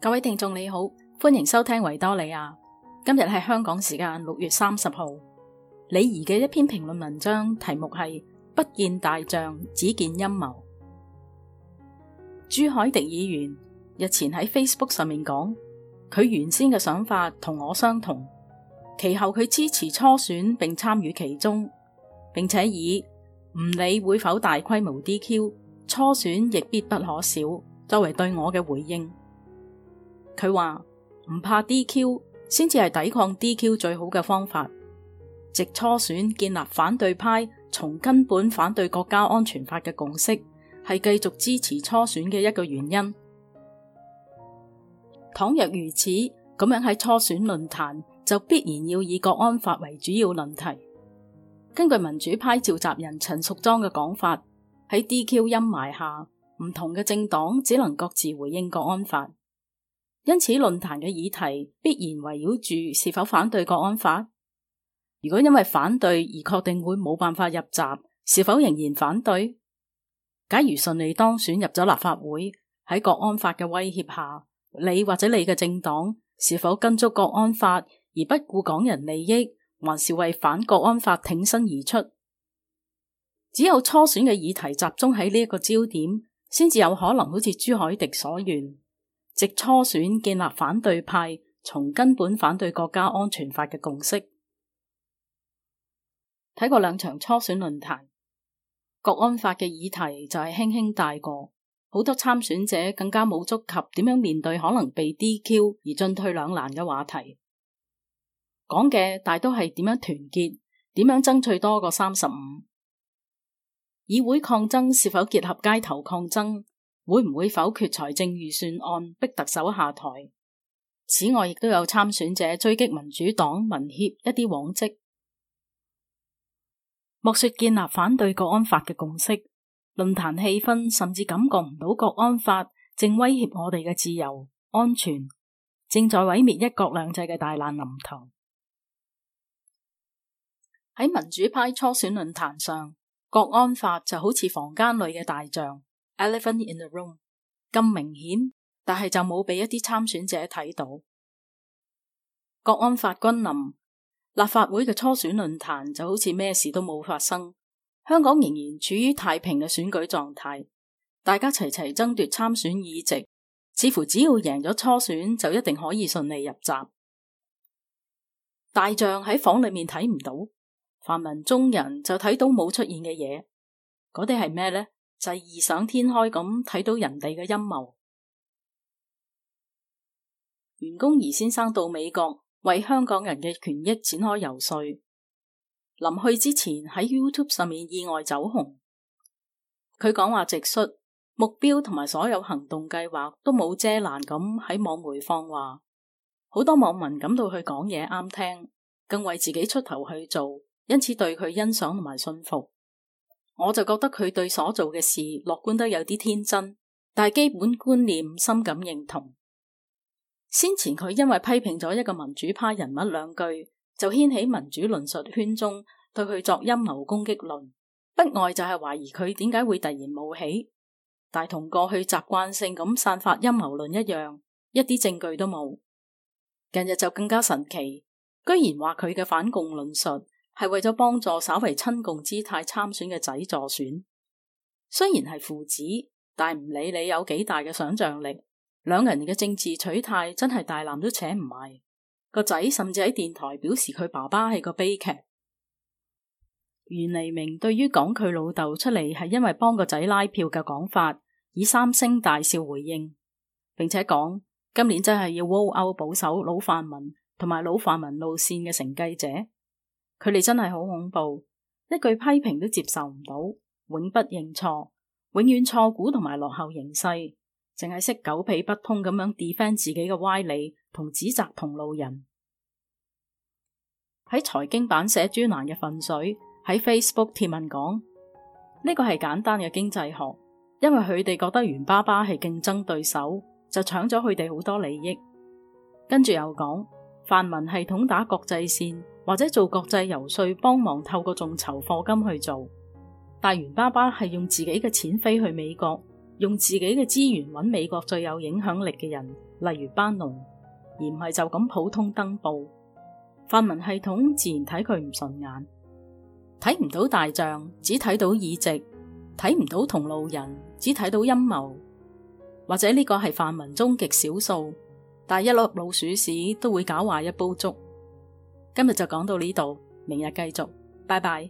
各位聽眾你好，歡迎收聽維多利亞。今日係香港時間六月三十號，李怡嘅一篇評論文章，題目係“不見大象，只見陰謀”。朱凱迪議員日前喺 Facebook 上面講，佢原先嘅想法同我相同，其後佢支持初選並參與其中，並且以。唔理會否大規模 DQ，初選亦必不可少，作為對我嘅回應。佢話唔怕 DQ，先至係抵抗 DQ 最好嘅方法。直初選建立反對派從根本反對國家安全法嘅共識，係繼續支持初選嘅一個原因。倘若如此，咁樣喺初選論壇就必然要以國安法為主要論題。根據民主派召集人陳淑莊嘅講法，喺 DQ 陰霾下，唔同嘅政黨只能各自回應國安法，因此論壇嘅議題必然圍繞住是否反對國安法。如果因為反對而確定會冇辦法入閘，是否仍然反對？假如順利當選入咗立法會，喺國安法嘅威脅下，你或者你嘅政黨是否跟足國安法而不顧港人利益？還是為反國安法挺身而出。只有初選嘅議題集中喺呢一個焦點，先至有可能好似朱凱廸所願，藉初選建立反對派從根本反對國家安全法嘅共識。睇過兩場初選論壇，國安法嘅議題就係輕輕帶過，好多參選者更加冇足及點樣面對可能被 DQ 而進退兩難嘅話題。講嘅大都係點樣團結，點樣爭取多過三十五？議會抗爭是否結合街頭抗爭？會唔會否決財政預算案，逼特首下台？此外，亦都有參選者追擊民主黨、民協一啲往績。莫說建立反對國安法嘅共識，論壇氣氛甚至感覺唔到國安法正威脅我哋嘅自由、安全，正在毀滅一國兩制嘅大難臨頭。喺民主派初選論壇上，國安法就好似房間裏嘅大象 （Elephant in the room） 咁明顯，但係就冇俾一啲參選者睇到。國安法君臨，立法會嘅初選論壇就好似咩事都冇發生，香港仍然處於太平嘅選舉狀態，大家齊齊爭奪參選議席，似乎只要贏咗初選就一定可以順利入閘。大象喺房裏面睇唔到。泛民中人就睇到冇出現嘅嘢，嗰啲係咩呢？就係、是、異想天開咁睇到人哋嘅陰謀。袁弓夷先生到美國為香港人嘅權益展開遊說，臨去之前喺 YouTube 上面意外走紅。佢講話直率，目標同埋所有行動計劃都冇遮攔咁喺網媒放話，好多網民感到佢講嘢啱聽，更為自己出頭去做。因此對佢欣賞同埋信服，我就覺得佢對所做嘅事樂觀得有啲天真，但係基本觀念深感認同。先前佢因為批評咗一個民主派人物兩句，就掀起民主論述圈中對佢作陰謀攻擊論，不外就係懷疑佢點解會突然冒起，但同過去習慣性咁散發陰謀論一樣，一啲證據都冇。近日就更加神奇，居然話佢嘅反共論述。係為咗幫助稍為親共姿態參選嘅仔助選，雖然係父子，但唔理你有幾大嘅想象力，兩人嘅政治取態真係大纜都扯唔埋。個仔甚至喺電台表示佢爸爸係個悲劇。袁黎明對於講佢老豆出嚟係因為幫個仔拉票嘅講法，以三聲大笑回應，並且講今年真係要 all out 保守老泛民同埋老泛民路線嘅承繼者。佢哋真係好恐怖，一句批評都接受唔到，永不認錯，永遠錯估同埋落後形勢，淨係識狗屁不通咁樣 defend 自己嘅歪理，同指責同路人。喺財經版寫專欄嘅份水，喺 Facebook 貼文講呢個係簡單嘅經濟學，因為佢哋覺得袁爸爸係競爭對手，就搶咗佢哋好多利益。跟住又講泛民系統打國際線。或者做國際遊說，幫忙透過眾籌課金去做。但袁爸爸係用自己嘅錢飛去美國，用自己嘅資源揾美國最有影響力嘅人，例如班農，而唔係就咁普通登報。泛民系統自然睇佢唔順眼，睇唔到大象，只睇到議席；睇唔到同路人，只睇到陰謀。或者呢個係泛民中極少數，但一粒老鼠屎都會搞壞一煲粥。今日就講到呢度，明日繼續，拜拜。